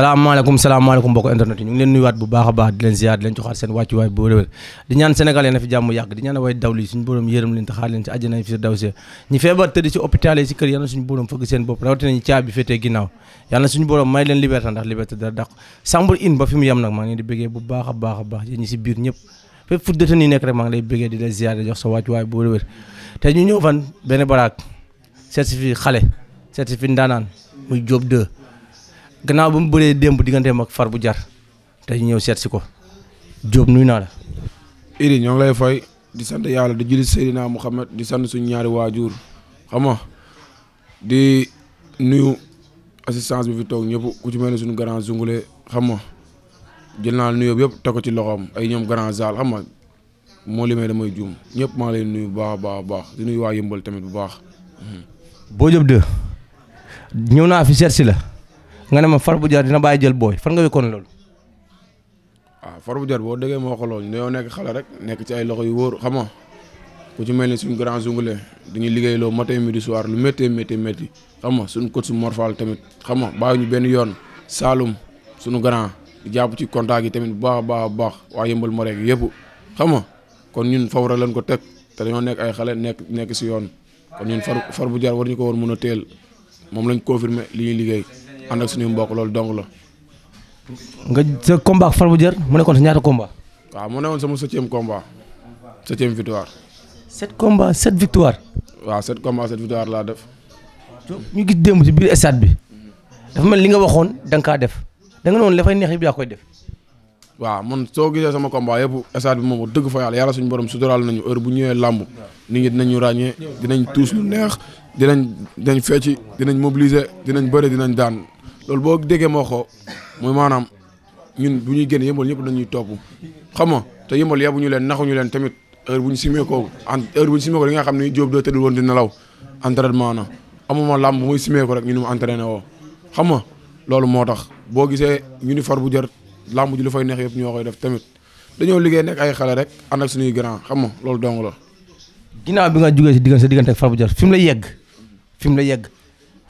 salaamaaleykum salaamaaleykum mbokk internet yi ñu ngi leen nuyuwaat bu baax a baax di leen ziar di leen joxaat seen wàccuwaay bu réwér di ñaan Sénégal yéen a fi jàmm yàgg di ñaan way daw li suñu borom yërëm leen taxaar leen seen bopp ba fi mu yem nag maa ngi a baax a baax yéen ñi si biir ñëpp fépp fu nekk rek maa ngi lay bëggee di lay ziar di jox sa wàccuwaay bu réwér te ñu ñëw fan benn baraak certifié xale certifié ndaanaan muy Diop 2 gannaaw ba mu bëree démb digganteem ak far bu jar te ñëw seet si ko Diop nuyu naa la. Idi ñoo lay fay di sant yàlla di julli Seydina Muhammad di sant suñu ñaari waajur xam nga di nuyu assistance bi fi toog ñëpp ku ci mel ne suñu grand zungule xam nga jël naa nuyoo yëpp teg ci loxoom ay ñoom grand zal xam nga moo limee damay juum ñëpp maa leen nuyu bu baax a baax di nuyu yëmbal tamit bu baax. Boy Diop 2 ñëw naa fi seet la. nga ne ma far bu jar dina bàyyi jël booy fan nga wékkoon loolu. waaw ah, far bu jar boo déggee moo xooloon ñoo nekk xale rek nekk ci ay loxo yu wóor xam nga ku ci mel ni suñu grand zungale dañuy liggéey loo mi midi soir lu méttee méttee métti xam nga suñu coach su morfal tamit xam nga bàyyi ñu benn yoon Saloum suñu grand di jàpp ci contact yi tamit bu baax a baax a baax waa yëmbal ma rek yëpp xam nga kon ñun faw rek lañ ko teg te dañoo nekk ay xale nekk nekk si yoon kon ñun far far bu jar war ñu ko war mën a teel moom lañ confirmer li ñuy ànd ak suñu mbokk loolu dong la. nga sa combat Fallou Dièr mu nekkoon sa ñaata combat. waaw mu newoon sama septième combat septième victoire. sept combat sept victoire. waaw sept combat laa def. ñu gis démb ci biir stade bi. dafa mel li nga waxoon da kaa def da nga noonu dafay neex yëpp yaa koy def. waaw man soo gisee sama combat yëpp stade bi moom dëgg fa yàlla yàlla suñ borom suturaal nañu heure bu ñëwee làmb nit ñi dinañu ràññee dinañ tuus lu neex dinañ dinañ fecci dinañ mobiliser dinañ bëre dinañ daan. loolu boo déggee moo xoo mooy maanaam ñun bu ñuy génn yëmbal ñëpp dañuy topp xam nga te yëmbal yabuñu leen naxuñu leen tamit heure bu ñu simee ko heure bu ñu simee nga xam ne Jóob doo woon di nelaw entraînement na amuma làmb muy simee rek ñu ne mu entraîné woo xam nga loolu moo tax boo gisee uniforme bu jër làmb ji lu fay neex yëpp ñoo koy def tamit dañoo liggéey nekk ay xale rek ànd ak suñuy grand xam nga loolu dong la. ginnaaw bi nga jugee si diggante sa diggante ak Far bu jër fi mu la yegg fi mu la yegg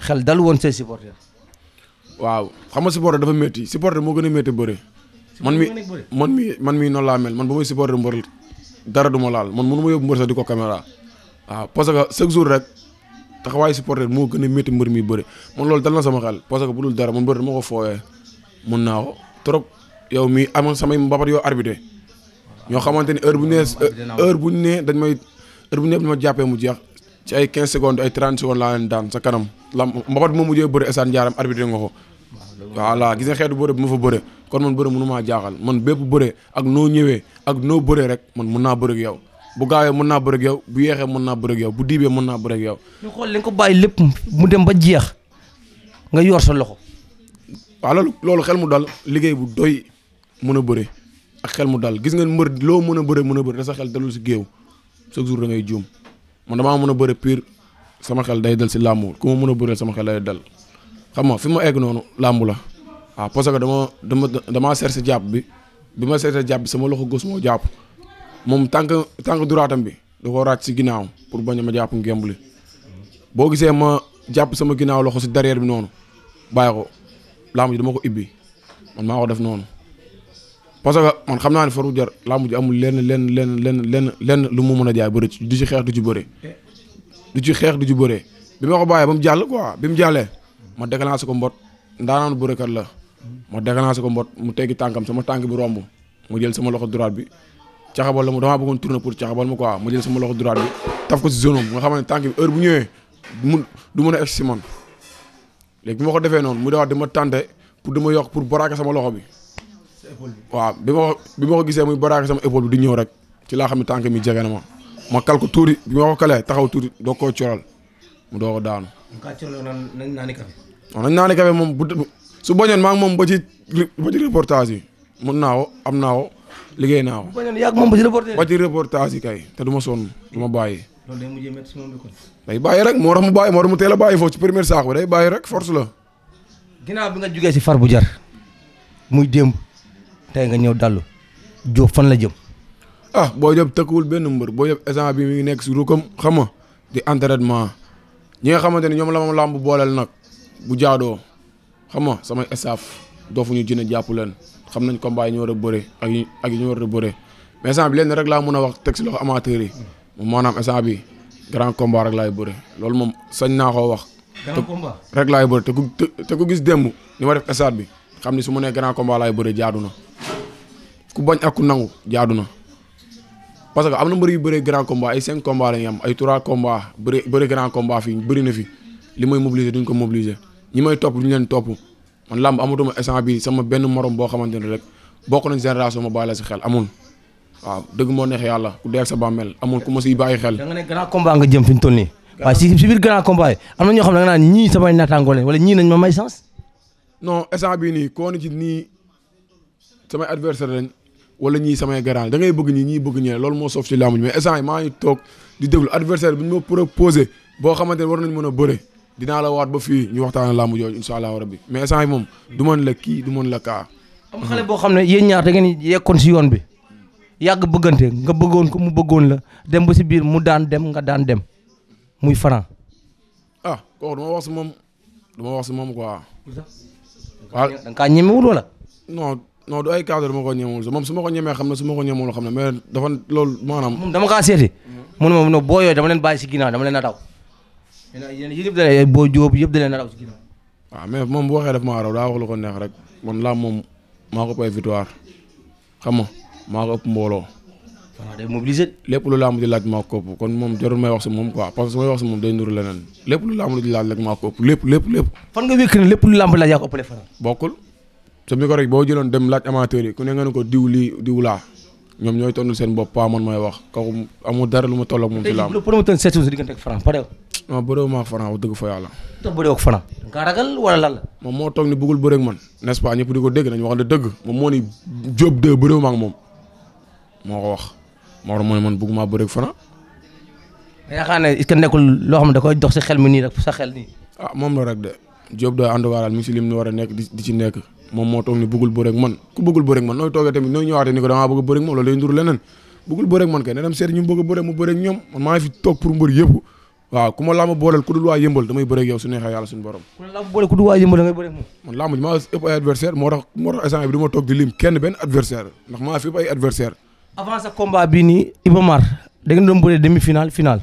xel dal woon say supporters waaw xam nga supporter dafa métti supporter moo gën a métti bëre. man mi man mi man mi noonu laa mel man ba may supporter mbër dara du laal man mënu ma yóbbu mbër sax di ko caméra waaw parce que chaque jour rek taxawaayu supporter moo gën a métti mbër mi bëre man loolu dal na sama xel parce que bu dul dara man mbër dama ko fooyee mun naa ko trop yow mi amoon samay mbapat yoo arbitré ñoo xamante ni heure bu ñu nee heure bu ñu nee dañ may heure bu ñu ma jàppee mu jeex ci ay 15 secondes ay 30 secondes laa leen daan sa kanam lam mbapat moom mujjee bëre esaan njaaram arbitre nga ko voilà gis nga xeetu bëre bu ma fa bëre kon man bëre mënu maa jaaxal man bépp bëre ak noo ñëwee ak noo bëree rek man mun naa bëre yow bu gaawee mën naa bëre yow bu yeexee mën naa bëre yow bu diibee mën naa bëre ak yow xool li ko bàyyi lépp mu dem ba jeex nga yor sa loxo waaw loolu xel mu dal liggéey bu doy mën a bëre ak mu dal gis nga mbër loo mën a bëre mën a bëre te sa xel dalul si géew chaque jour da ngay juum man damaa mën a bëri pur sama xel day dal si làmb ku ma mën a bëreel sama xel day dal xam nga fi ma egg noonu làmbu la waaw ah, parce que dama dama damaa si jàpp bi bi ma cherché jàpp sama loxo gos jàpp moom tànk tànk duraatam bi da koo raaj si ginnaaw pour bañ a ma jàpp ngemb li boo gisee ma jàpp sama ginnaaw loxo si derrière bi noonu bàyyi ko làmb ji dama ko ibbi man maa ko def noonu. parce que man xam naa ne Farou Jar làmb ji amul lenn lenn lenn lenn lenn lenn lu mu mën a jaay bëri du ci xeex du ci bëri du ci xeex du ci bëree bi ma ko bàyyee ba mu jàll quoi bi mu jàllee ma déclenché ko mbot ndaanaan bërekat la ma déclenché ko mbot mu teggi tànkam sama tànk bi romb mu jël sama loxo droite bi caxabal la mu damaa bëggoon tourner pour caxabal ma quoi ma jël sama loxo droite bi taf ko si zone nga xam ne tànk bi heure bu ñëwee mun du mën a egg si man léegi bi ma ko defee noonu mu dawaat dama tànte pour dama yokk pour baraake sama loxo bi waaw bi ma bi ma ko gisee muy baraake sama épaule bi di ñëw rek ci laa xam ne tànk mi jege na ma ma kal ko tuuti bi ma ko kalee taxaw tuuti doo koo coral mu doo ko daanu. nañ naani kafe. moom bu su bañoon maa moom ba ci ba ci naa woo am naa woo liggéey naa woo. bañoon yàgg moom ba ci reportage ba kay te du ma sonn du ma bàyyi. loolu day mujjee rek moo tax mu bàyyi moo mu teel a bàyyi foofu ci première saako day bàyyi rek force la. ginnaaw bi nga jugee si far bu jar muy démb tey nga ñëw dallu Diop fan la jëm. ah Boy Diop tëkkuwul benn mbër Boy Diop instant bi mi ngi nekk si ruukam xam nga di entraînement ñi nga xamante ne ñoom la ma làmb booleel nag bu jaadoo xam nga samay staff doofuñu jën jàpp leen xam nañ combat yi war a bëre ak ak ñu war a bëre mais instant rek laa mën a wax teg si loxo amateur maanaam instant bi grand combat rek laay bëre loolu moom sañ naa koo wax. grand combat rek laay bëre te ku te ku gis démb ni ma def bi xam ni su ma nee grand combat laay bëre jaadu na. ku bañ ak ku nangu jaadu na parce que am na mbër yu bëree grand combat ay cinq combat lañuy am ay trois combat bëri bëri grand combat fii bëri na fi li may mobiliser duñ ko mobiliser ñi may topp duñ leen topp man làmb amatuma instant bii sama benn morom boo xamante ne rek bokk nañ génération ma bàyyi la si xel amul waaw dëgg moo neex yàlla ku dee ak sa bàmmeel amul ku ma siy bàyyi xel. da nga ne grand combat nga jëm fi mu toll nii. waaw si si biir grand combat yi am na ñoo xam ne da nga naan ñii samay naataangoo leen wala ñii nañ ma may chance. non instant bii nii koo ni ci nii samay adversaire lañ wala ñii samay garaan da ngay bëgg ñi ñii bëgg ñee loolu moo soof ci làmb ji mais instant maa ngi toog di déglu adversaire bi ñu ma proposé boo xamante ne war nañ mën a bëre dinaa la waat ba fii ñu waxtaana làmb jooju incha allahu rabbi mais instant yi moom du mën la kii du mën la kaa am xale ne yéen ñaar da ngeen yekkoon si yoon bi yàgg bëggante nga bëggoon ko mu bëggoon la dem ba si biir mu daan dem nga daan dem muy Franc ah kooku dama wax moom dama wax si moom quoi waaw da ñemewul wala non du ay cadre dama ko ñemewul moom su ma ko ñemee xam ne su ma ko ñemewul xam ne mais dafa loolu maanaam. moom dama kaa seeti. mu ne ma boo yooyu dama leen bàyyi si ginnaaw dama leen a daw. yéen yëpp da boo jóob yëpp da leen a mais moom bu waxee daf maa raw daa wax ko neex rek man laa moom maa ko ëpp ay victoire xam nga maa ko mbooloo. waaw day mobiliser. lépp lu laamu di laaj maa ko ëpp kon moom jarul may wax si moom quoi parce su may wax si moom day nuru leneen lépp lu laamu di laaj rek maa ko ëpp lépp lépp lépp. fan nga wékk ne lépp lu laamu di laaj yaa ko ëppale faral. bokkul te ni ko rek boo jëloon dem laaj amateur ku ne nga ko diw lii ñoom ñooy tontu seen bopp pa man may wax kaw amul dara lu ma toll ak moom. ci làmb tey promoteur seet si diggante ak Franc pare. non bëree la. moom moo toog ni bëggul bëre man nest ko dégg nañu wax dëgg moom moo ni Diop de moom moo wax moo tax mooy man bëgguma bëre ak Franc. yaakaar ne est nekkul loo xam ne da koy dox si xel mi nii rek sa xel nii. ah moom la rek de Diop de ànd waalaal mi ngi si lim ni war a nekk di ci nekk moom moo toog ni bëggul bëre ak man ku bëggul bëre ak man nooy toogee tamit nooy ñëwaatee ni ko damaa bëgg bëre ak loolu day a bëre ma làmb booleel ku dul waa yëmbal damay bëre ak yow su neexee yàlla suñu borom ku làmb booleel ku dul waa yëmbal moom fi ëpp ay adversaire avant sa combat bii da ngeen doon bëree demi final final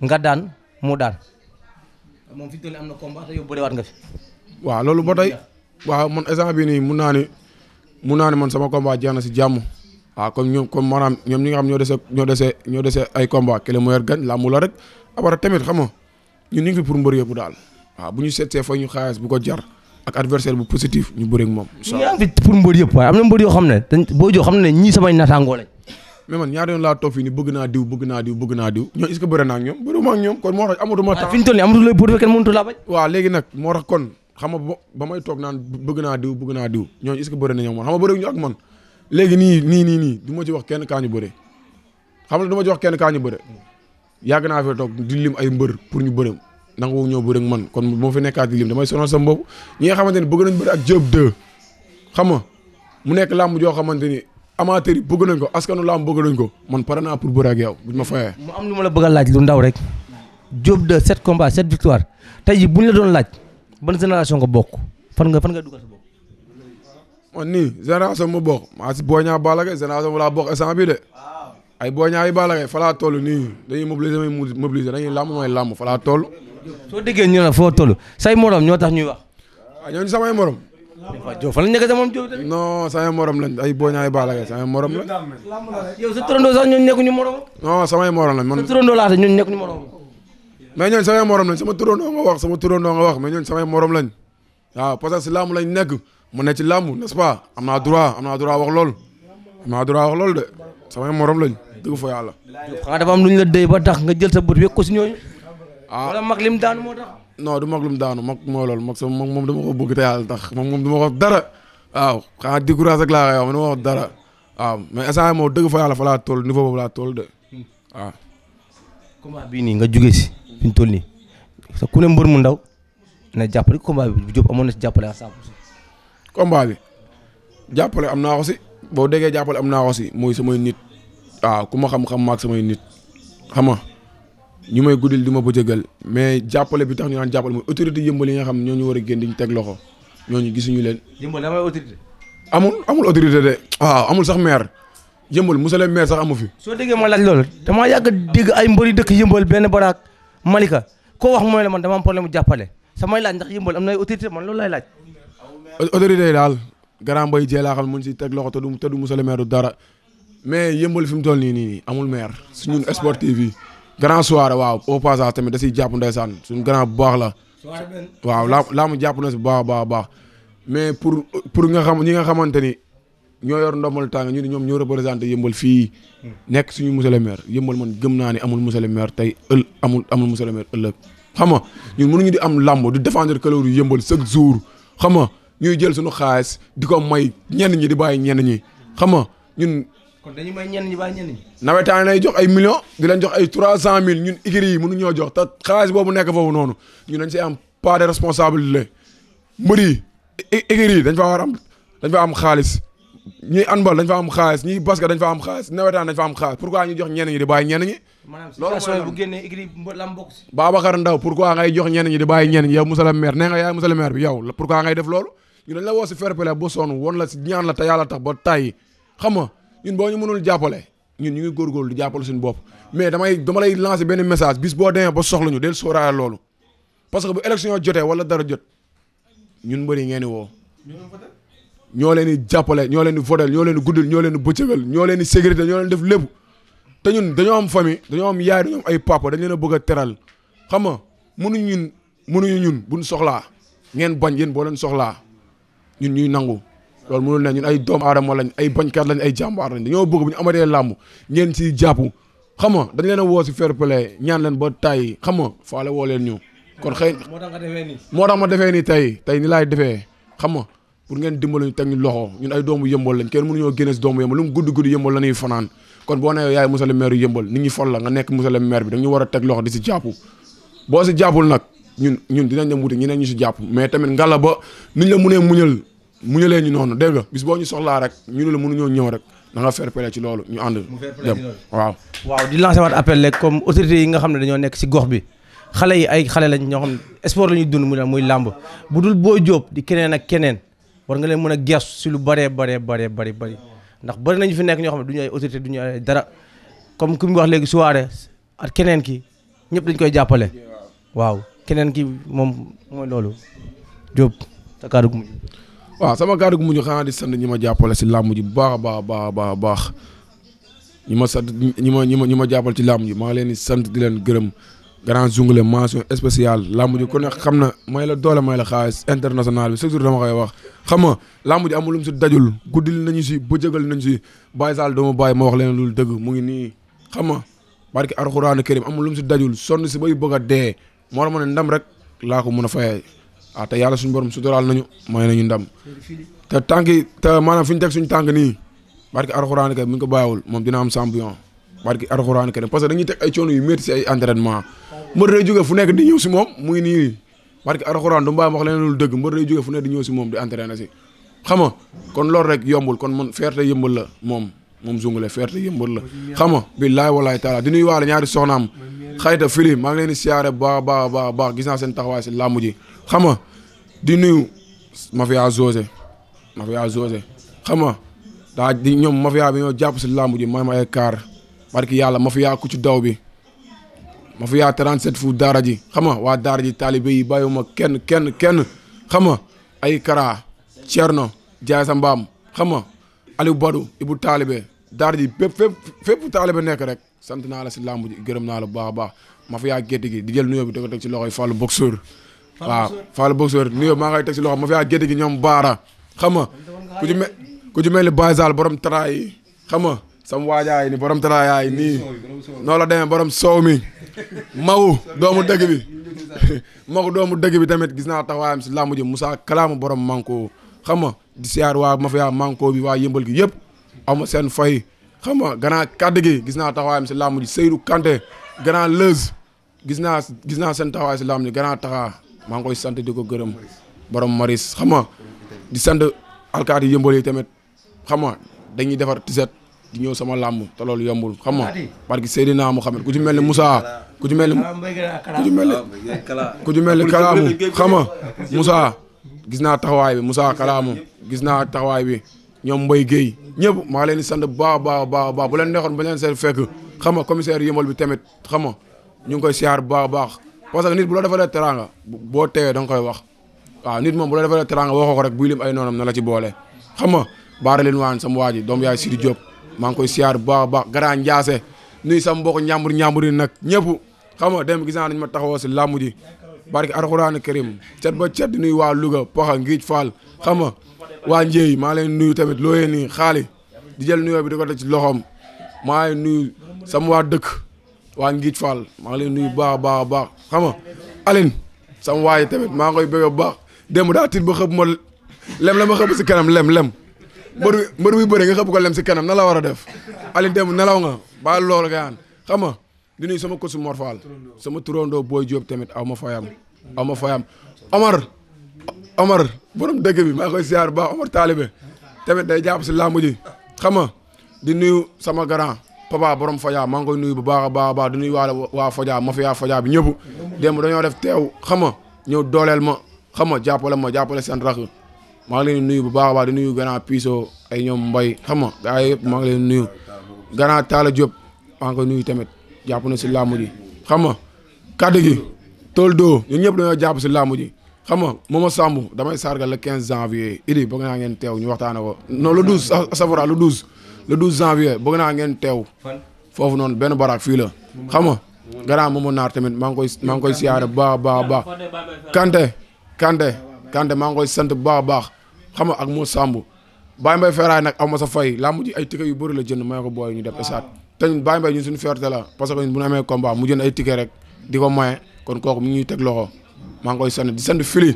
am na combat te yow bërewaat nga fi waaw loolu ba tey waaw man instant bii nii mun naa ne mun naa ne man sama combat jeex na si jàmm waaw comme ñoom comme ñoom ñi nga xam ñoo dese ñoo dese ñoo dese ay combat ki la meilleur gagne làmb la rek abara tamit xam nga ñun ñu ngi fi pour mbër yëpp daal waaw bu ñu seetsee fa ñu xaalis bu ko jar ak adversaire bu positif ñu bëri ak moom. yaa ngi fi pour mbër yëpp waaye am na mbër yoo xam ne dañ boo joo xam ne ñii samay naataangoo lañ. mais man ñaari yoon laa toog fii ni bëgg naa diw naa diw bëgg moo amatuma temps. waaw fi ñu léegi nag moo tax kon xam nga ba may toog naan bëgg naa diw bëgg naa diw ñooñu est-ce que bëri nañu ak man xam nga bëri ñu ak man léegi nii nii nii nii du ma ci wax kenn kaa ñu bëre xam na du ma ci wax kenn kaa ñu bëre yàgg naa fee toog di lim ay mbër pour ñu bëre nanga woo ñoo bëre ak man kon moo fi nekkaat di lim damay sonal sa bopp ñi nga xamante ni bëgg nañ bëri ak Diop 2 xam nga mu nekk làmb joo xamante ni amateur bëgg nañ ko askanu làmb bëgg nañ ko man pare naa pour bëre ak yow buñ ma fayee. mu am lu ma la bëgg a laaj lu ndaw rek Diop 2 sept combats sept tey jii buñ la doon laaj ban génération nga bokk fan nga fan nga dugal sa bopp. man nii génération mu bokk maa si booñaa Balla Gaye génération laa bokk instant bi de. ay booñaa yi Balla Gaye fa laa toll nii dañuy mobiliser may mobiliser dañuy làmb may làmb fa laa toll. soo ñu ne foo toll say morom ñoo tax ñuy wax. waaw ah, ñooñu samay morom. waaw Diop fan la ñu nekk moom Diop tamit. non samay morom lañ ay booñaa yi Balla Gaye samay morom lañ. yow sa turandoo sax ñooñu nekkuñu morom. non samay morom lañ sa turandoo mais ñooñu samay morom lañ sama turandoo nga wax sama turandoo nga wax mais ñooñu samay morom lañ waaw parce si làmb lañ nekk mu ne ci làmb nest am naa droit am wax lool am naa droit wax lool de samay morom lañ dëgg fa yàlla. xanaa dafa am lu ñu la ba tax nga jël sa bët wekk ko si ñooñu. ah wala mag lim moo tax. non du mag lim daanu mag moo loolu mag sama moom dama ko bëgg te yàlla tax mag moom dama dara waaw xanaa décourage ak laa wax ma dara waaw mais instant moo dëgg fa yàlla fa laa toll niveau boobu laa toll de waaw. bii nii nga jugee si. fi ñu toll nii parce que mbër mu ndaw na jàppale combat bi Diop amoon jàppale à 100%. bi jàppale am naa ko boo déggee jàppale am naa ko si mooy samay nit waaw ah, ku ma xam-xam maag samay nit xam nga ñu may guddil di ma bëjëgal mais jàppale bi tax ñu naan jàppale mooy autorité yëmbal yi nga xam ñoo ñu war a génn di ñu teg loxo ñoo ñu gisuñu leen. yëmbal damay autorité. amul amul autorité de. Ah, amul sax maire. yëmbal musale maire sax amu fi. soo déggee ma laaj loolu damaa yàgg dégg ay mbëri dëkk yëmbal benn baraak Malika koo wax mooy la man dama am problème mu jàppale samay laaj ndax yëmbal am na ay autorité man loolu laay laaj. autorité yi daal grand boy jee laa xam mu ngi si teg loxo te du te du dara mais yëmbal fi mu toll nii nii amul maire suñu sportif yi grand soirée waaw au tamit da siy jàpp ndeysaan suñu grand bu baax la. waaw laa laa mu jàpp na si bu baax a baax a baax mais nga xam ñi nga xamante ni. ñoo yor ndombal tàng ñu ne ñoom ñoo représenté yëmbal fii nekk suñu monsieur le maire yëmbal man gëm naa ne amul monsieur le maire tey ël amul amul monsieur le maire ëllëg ñu nga ñun mënuñu di am làmb di défendre couleur yu yëmbal chaque jour xam nga ñuy jël suñu xaalis di ko may ñenn ñi di bàyyi ñenn ñi xam nga ñun. kon dañu may ñenn ñi bàyyi ñenn ñi. nawetaan lay jox ay millions di lañ jox ay trois cent mille ñun igri yi ñoo jox te xaalis boobu nekk foofu noonu ñun dañ see am pas de responsabilité mbër yi igri yi dañ fa war am dañ fa am xaalis ñuy handball dañ fa am xaalis ñuy basket dañ fa am xaalis nawetaan dañ fa am xaalis pourquoi ñu jox ñenn ñi di bàyyi ñenn ñi. loolu mooy bu maire nee yaay monsieur le maire bi yow pourquoi ngay def loolu ñu dañ la woo si fair-play ba sonn woon la si ñaan la te yàlla tax ba tàyyi xam nga ñun boo ñu mënul jàppale ñun ñu ngi góorgóorlu di jàppale suñu bopp mais damay dama lay lancer benn message bis boo demee ba soxla ñu del sóoraale loolu parce que bu élection jotee wala dara jot ñun mbëri ñoo leen di jàppale ñoo leen di votel ñoo leen di guddal ñoo leen di bëccëgal ñoo leen di sécurité ñoo leen def lépp te ñun dañoo am famille dañoo am yaay dañoo am ay papa dañ leen a bëgg a teral xam nga mënuñ ñun mënuñu ñun buñ soxlaa ngeen bañ yéen boo leen soxlaa ñun ñuy nangu loolu mënul ne ñun ay doomu aadama lañ ay bañkat lañ ay jàmbaar lañ dañoo bëgg bu ñu amatee làmb ngeen si jàpp xam nga dañ leen a woo si fair play ñaan leen ba tàyyi xam nga faale woo leen ñu kon xëy moo tax ma defee nii tey tey ni laay defee xam nga pour ngeen dimbali ñu teg ñu loxo ñun ay doomu yëmbal lañ kenn mënuñoo génne si doomu yëmbal lu mu gudd gudd yëmbal la ñuy fanaan kon boo la nga nekk monsieur le a teg loxo ñun ñun dinañ dem wuti ñeneen ñu la mënee muñal muñalee ñu noonu dégg nga bis la mënuñoo ñëw comme autorités yi nga xam ne dañoo nekk si gox bi xale yi ay xale lañ ñoo xam ne sport la ñuy dund muy muy làmb bu dul boo jóob di keneen ak keneen war nga leen mën a geesu si lu bëree baree baree bëri bëri ndax bëri nañu fi nekk ñoo xam ne du autorité du ñu dara comme ki mu wax léegi soirée ak keneen ki ñëpp dañ koy jàppale waaw keneen ki moom mooy loolu Diop sa kàddu gu mujj waaw sama kàddu gu mujj xanaa di sant ñi ma jàppale si làmb ji baax baax baax baax baax ñi ma sant ñi ma ñi ma ñi ma jàppale ci laamu ji maa ngi leen di sant di leen gërëm grand Zoungale mention spéciale làmb ji ku ne xam na may la doole may la xaalis international bi chaque jour dama koy wax xam nga làmb ji amul lu si dajul guddil nañu si bëjëgal nañu si bàyyi saal doo ma bàyyi ma mu ngi nii xam nga barki alxuraan karim amul lu si dajul sonn si bay bëgg a dee moo tax ma ne ndam rek laa ko mën a fayee ah te yàlla suñu borom suturaal nañu may nañu ndam te tànk yi te maanaam fi ñu teg suñu tànk nii barki alxuraan karim mi ngi ko bàyyiwul moom dina am champion parce que dañuy teg ay coono yu métti si ay entraînement mbër day jóge fu nekk di ñëw si moom mu ngi nii barki alxuraan du mbaam wax leneen lu dëgg mbër fu nekk di ñëw si moom di entraîné si xam kon loolu rek yombul kon man fierté yëmbal la moom moom zungale fierté yëmbal la xam nga billaay walaay taala di nuyu waale ñaari soxnaam xayta fili maa ngi leen di siyaare baax baax baax baax gis naa seen taxawaay si làmb ji xam nga di nuyu mafia José mafia José xam nga daa di ñoom mafia jàpp si ma ay kaar barki yàlla ma fi yaa ku ci daw bi ma fi yaa 37 daara ji xam nga waa daara ji taalibe yi bàyyiwuma kenn kenn kenn xam nga ay Kara Thierno Jaay sa mbaam xam nga Aliou Badou Ibou taalibe daara ji fépp fépp fépp taalibe nekk rek sant naa la si làmb ji gërëm naa la bu baax ma fi yaa gétt gi di jël nuyoo bi di ko teg si loxoy Fallou Boxeur waaw Fallou Boxeur nuyoo maa ngay teg si loxo ma fi yaa gétt gi ñoom baara xam nga ku ci mel ku ci mel ni Baye borom taraay sam waajaay ni borom taraayaay nii noo la demee borom soow mi magu doomu dëgg bi magu doomu dëgg bi tamit gis naa taxawaayam si làmb ji musa kalaamu borom manko xam nga di siyaar waa mafia manko bi waa yëmbal gi yëpp amu seen fay xam nga gannaaw kàddu gi gis naa taxawaayam si làmb ji Seydou Kanté gannaaw lëz gis naa gis naa seen taxawaay si làmb ji gannaaw taxaa maa ngi koy sant di ko gërëm borom maris xam di sant alkaati yëmbal yi tamit xam nga dañuy defar tiset di ñëw sama làmb te loolu yombul xam nga parce que xam Mouhamed ku ci mel ni Moussa ku ci mel ni ku ci mel ni ah, ku ci mel ni kalaamu xam nga Moussa gis naa taxawaay bi Moussa kalaamu gis naa taxawaay bi ñoom Mbaye Guèye ñëpp maa leen sand sant baax baax baax baax bu leen neexoon ba leen seen fekk xam nga commissaire yëmbal bi tamit xam nga ñu ngi koy siyaar baax baax parce que nit bu la defalee teraanga boo teewee da nga koy wax waaw nit moom bu la defalee teraanga waxoo ko rek buy lim ay noonam na la ci boole xa nga baara leen waan sama waa ji doom yaay Sidi Diop maa ngi koy siyaar bu baax a baax grand Ndiassé nuyu sama mbokk ñàmbur ñàmbur yi nag ñëpp xam nga dem gis naa nañ ma taxawoo si làmb ji barke alxuraan karim cet ba cet di nuyu waa Louga Paxa Ngij Fall xam nga waa Ndiéy maa leen nuyu tamit loo yee nii xaali di jël nuyoo bi di ko teg ci loxoom maa ngi nuyu sama waa dëkk waa Ngij Fall maa leen nuyu baax a baax a baax xam nga Aline tamit maa ngi koy bëgg bu baax démb daa tiit ba xëb ma lem la ma xëb si kanam lem lem. mbër mbër muy bëri nga xëpp ko lem si kenam na la war a def Aliou Demba nelaw nga ba loolu nga yaan xam nga di nuyu sama coach Mor Fall sama turandoo Boy Diop tamit aw ma fayam aw ma fayam Omar Omar borom dëgg bi maa koy siyaar baax Omar Talibe tamit day jàpp si làmb ji xam nga di nuyu sama grand papa borom Fadja maa koy nuyu bu baax a baax a di nuyu waa waa Fadja ma fi yaa Fadja bi ñëpp démb dañoo def teew xam nga ñëw dooleel ma xam nga jàppale ma jàppale seen rakk maa ngi leen nuyu bu baax a baax di nuyu grand Piso ay ñoom mbay xam nga gars ngi leen nuyu grand Talla Diop maa ngi koy nuyu tamit jàpp na si làmb ji xam nga kaddu gi tool doo ñun ñëpp dañoo jàpp si làmb ji xam nga mooma Samb damay sargal le 15 janvier idi bëgg na ngeen tew ñu waxtaane ko non le sa safara le 12 le 12 janvier bëgg naa ngeen teew foofu noonu benn baraak fii la xam nga grand mooma naar tamit maa ngi koy maa ngi koy siyaare baax baax baax Kanté Kanté Kanté maa ngi koy sant bu baax a baax xam nga ak moo Samb Baye Mbaye Feeraay nag aw ma sa fay laa mujj ay ticket yu bëri la jënd may ko booy ñu def esaat te ñun Baye Mbaye ñun suñu fierté la parce que ñun bu ñu amee combat mu jënd ay ticket rek di ko maye kon kooku mu ngi ñuy teg loxo maa ngi koy sant di sant fili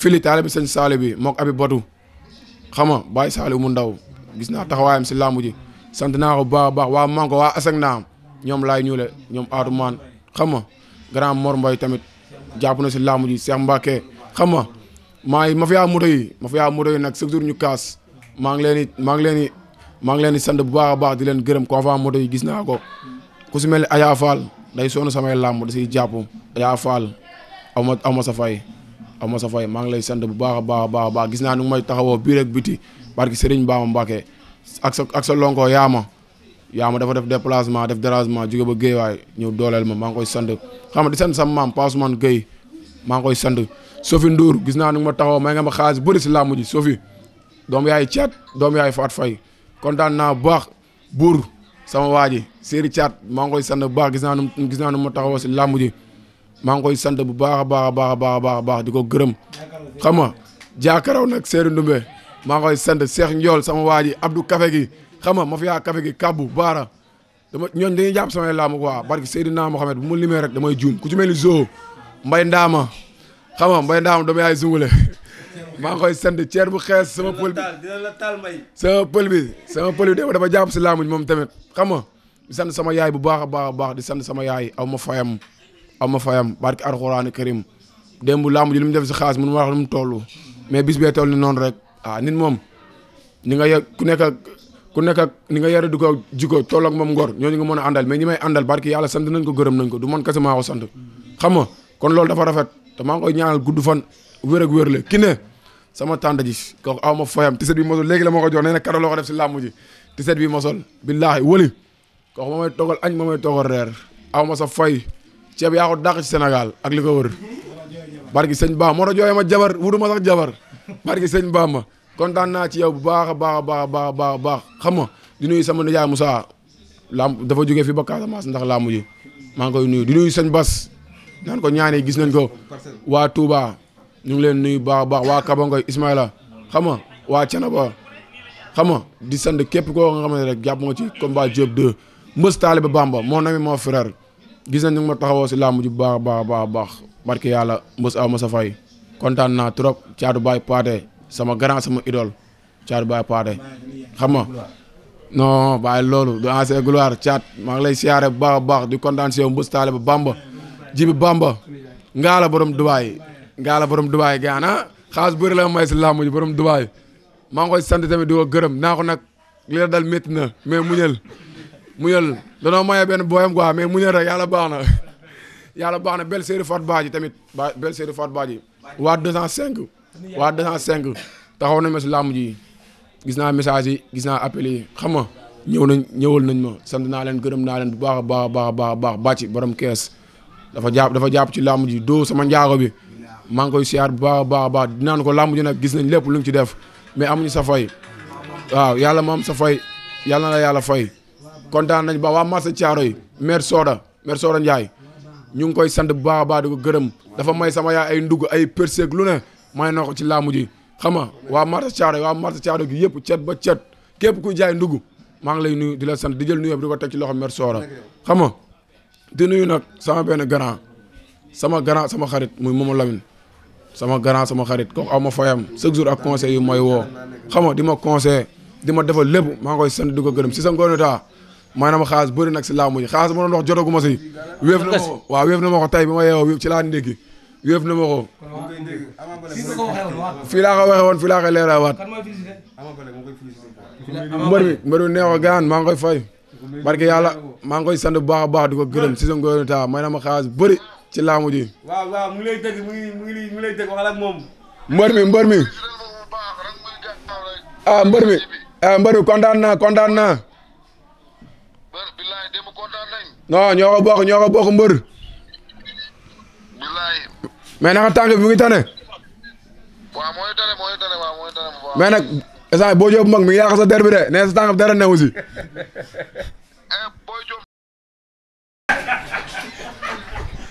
fili taale bi sëñ saali bi mook abi mu ndaw gis naa taxawaayam si làmb ji sant naa ko baax a baax waa Manko waa Aseg naam ñoom laay ñuule ñoom Aatu Maan xam nga grand tamit jàpp na si làmb ji Cheikh Mbacke xam nga maa ngi ma fi yaa moto yi ma fi yaa moto yi nag chaque jour ñu kaas maa ngi leen di maa ngi leen di maa ngi leen di sant bu baax a baax di leen gërëm ko fa moto yi gis naa ko ku si mel ni Aya Fall day sonn samay làmb da siy jàpp Aya Fall aw ma aw ma sa fay aw sa fay maa ngi lay sant bu baax a baax a baax gis naa nu may taxawoo biir ak biti barki Serigne Bamba Mbacke ak sa ak sa lonko yaama yaama dafa def déplacement def dérangement jóge ba Guédiawaye ñëw dooleel ma maa ngi koy san xam nga di sant sama maam Passoumane Guèye maa ngi koy sant. Sofi Ndour gis naa nu ma taxaw ma nga ma xaalis bëri si làmb ji Sofi doom yaay Thiat doom yaay Faat Fay kontaan naa bu baax buur sama waa ji Serigne Thiat maa ngi koy sant bu baax gis naa ma taxawoo si làmb ji maa ngi koy sant bu baax a baax a baax di ko gërëm xam nga jaakaraw nag Serigne Ndoumbe maa ngi koy sant Cheikh Ndiol sama waa ji Abdou Kafe gi xam nga ma fiyaa Kafe gi Kabbu Baara dama ñooñ dañuy jàpp samay làmb quoi barke naa Mohamed bu ma limee rek damay juum ku ci mel ni Zo Ndaama xam nga mbay ndaam dama yaay sungule maa ngi koy sant ceer bu xees sama pël bi sama pël bi sama pël bi dafa jàpp si laamuñ moom tamit xam nga di sant sama yaay bu baax a baax a baax di sant sama yaay aw ma fayam aw ma fayam barki alxuraani karim démb laamu ji li mu def si xaas mun ma wax lu mu toll mais bis bee toll ni noonu rek ah nit moom ni nga ye ku nekk ak ku nekk ak ni du ko jikko toll ak moom ngor ñooñu nga mën a àndal mais ñi may àndal barki yàlla sant nañ ko gërëm nañ ko du man kese maa ko sant xam nga kon loolu dafa rafet te maa ngi koy ñaanal gudd fan wér ak wér la ki sama tànda ji kooku aw ma foyam tiset bi mosol léegi la ma ko jox nee na kado la ko def si làmb ji tiset bi mosol billaahi wëli kooku ma may toogal añ ma may toogal reer aw sa fay ceeb yaa ko dàq ci Sénégal ak li ko wër barki sëñ Ba moo jooyee ma jabar wutu ma sax jabar barki sëñ Ba ma kontaan naa ci yow bu baax a baax a baax a baax a di nuyu sama nijaay Moussa lamb dafa jógee fi ba Casamance ndax làmb ji maa ngi koy nuyu di nuyu sëñ Bas nan ko ñaanee gis nañ ko waa Touba ñu ngi leen nuyu baax baax waa Kabongo Ismaïla xam nga waa Canaba xam nga di sant képp koo nga xamante rek jàpp nga ci combat Diop 2 mbës taaliba Bamba mon ami gis nañ taxawoo si làmb ji bu baax baax baax baax barke yàlla mbës aw ma sa kontaan naa trop caatu baay paate sama grand sama idole caatu baay paate xam nga non loolu du ancien gloire caat maa ngi lay siyaare bu baax a baax di kontaan si yow mbës taaliba Bamba jibi bamba ngaala borom dubaay ngaala borom dubaay gaana xaas bëri la may si làmb ji borom dubaay maa ngi koy sant tamit di ko gërëm naa nag li la dal métti na mais muñal muñal danoo may benn booyam quoi mais muñal rek yàlla baax na yàlla baax na bel séeri fat baaji tamit ba bel séeri fat baaji waa 205 waa 205 taxaw nañ ma si làmb ji gis naa message yi gis naa appel yi xam nga ñëw nañ ñëwal nañ ma sant naa leen gërëm naa leen bu baax a baax a baax a baax bàcc borom dafa jàpp dafa jàpp ci làmb ji doo sama njaago bi maa ngi koy siyaar bu baax baa baax a baax ko làmb ji nag gis nañ lépp lu mu ci def mais amuñu sa fay waaw yàlla am sa fay yàlla na la yàlla fay kontaan nañ ba waa marché Thiaro yi maire Soda maire Soda Ndiaye ñu ngi koy sant bu baa a di ko gërëm dafa may sama yaay ay ndugg ay perseeg lu ne may na ko ci làmb ji xam nga waa marché Thiaro yi waa marché Thiaro gi yëpp cet ba cet képp kuy jaay ndugg maa ngi lay nuyu di la sant di jël nuyu bi di ko teg ci loxo maire Soda xam nga di nuyu nag sama benn gara sama grand sama xarit muy Momo Lamine sama grand sama xarit ko aw ma fayam chaque jour conseil yu mooy wo xam nga di ma conseil di ma defal lépp maa ngi koy sant di ko gërëm si sa ngoon taa maanaam xaalis bëri nag si laamu ji xaalis ma doon wax jotagu ma si. wa na ma ko waaw tey bi ma yeewoo ci laa ndékki wéef ko. fii laa ko waxee woon fii laa ko leeraawaat. mbër mi mbër mi neexoo gaan maa ngi koy barke yàlla maa ngi koy sant bu baax a gërëm si sa ngoonu taa may ma xaalis bëri ci laamu ji. mbër mi mbër mi ah mbër mi ah mbër mi kontaan naa kontaan naa. non ñoo ko bokk ñoo ko bokk mbër. mais naka tànk bi mu ngi tane. waaw mooy tane mooy tane waaw mooy tane mais nag instant boo jóob der bi nee sa tànk dara ne aussi.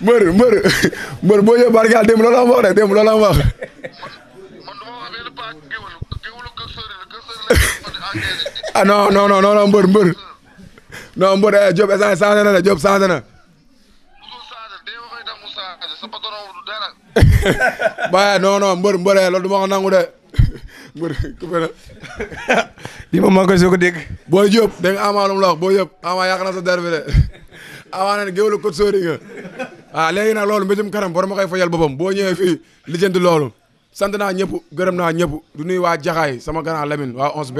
mbër mbër mbër boo ñëwee barkaal démb loolu wax de démb loolu wax. ah non non non non mbër mbër non mbër eh Diop échange eh, changé na de Diop changé na. waaye non non mbër mbër eh loolu ma ko nangu de mbër coupé na. lii Ama lu mu la wax Ama yàq sa derbi de Ama ne géwélu kot sóori waaw ah, léegi nag loolu mbéjum kanam borom ma koy fajal boppam boo ñëwee fii lijjanti loolu sant naa ñëpp gërëm naa ñëpp du nuyu waa Jaxaay sama grand Lamine waa 11B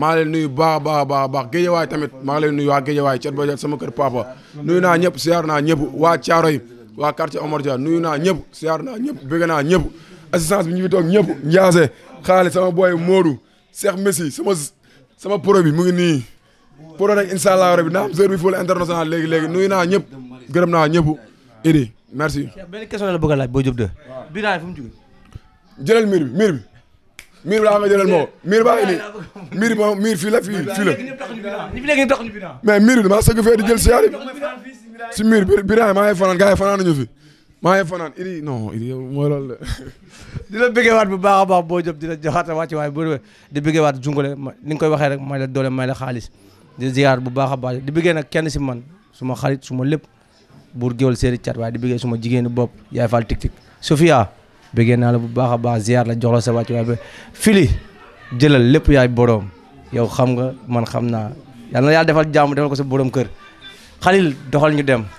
maa ngi leen nuyu baax baax baax baax Géejawaay tamit maa ngi leen nuyu waa Géejawaay cat boo sama kër papa nuyu naa ñëpp siyaar naa ñëpp waa Caaroy waa quartier Omar Dia nuyu naa ñëpp siyaar naa ñëpp bëgg naa ñëpp assistance bi ñu toog ñëpp Ndiaase xaali sama boy Modou Cheikh Messi sama sama pro bi mu ngi nii pro nag incha allah rabi léegi léegi nuyu naa ñëpp gërëm naa ñëpp Iri merci. benn question la bëgg a laaj boo jub de. waaw jëlal miir bi miir bi. miir bi laa nga jëlal moo miir baa indi miir bi moom miir fii la fii fii la. ñi fi nekk mais miir bi maa sëgg fee di jël si yaari. si miir bi Birane maa ngi fanaan gars yi fanaan nañu fi. maa ngi fanaan Iri non Iri mooy loolu la. di la bëggeewaat bu baax a baax boo jub di la joxaat wàcc waaye bu di bëggeewaat jungale ni nga koy waxee rek may la doole may la xaalis di ziar bu baax a di bëggee nag kenn si man suma xarit suma lépp buur géwal séeri cat waaye di bëggee suma jigéenu bopp yaay faal tik tik Sofia bëggee naa la bu baax a baax ziar la jox la sa waaye ba fili jëlal lépp yaay boroom yow xam nga man xam naa yàlla na yaa defal jàmm defal ko sa boroom kër xalil doxal ñu dem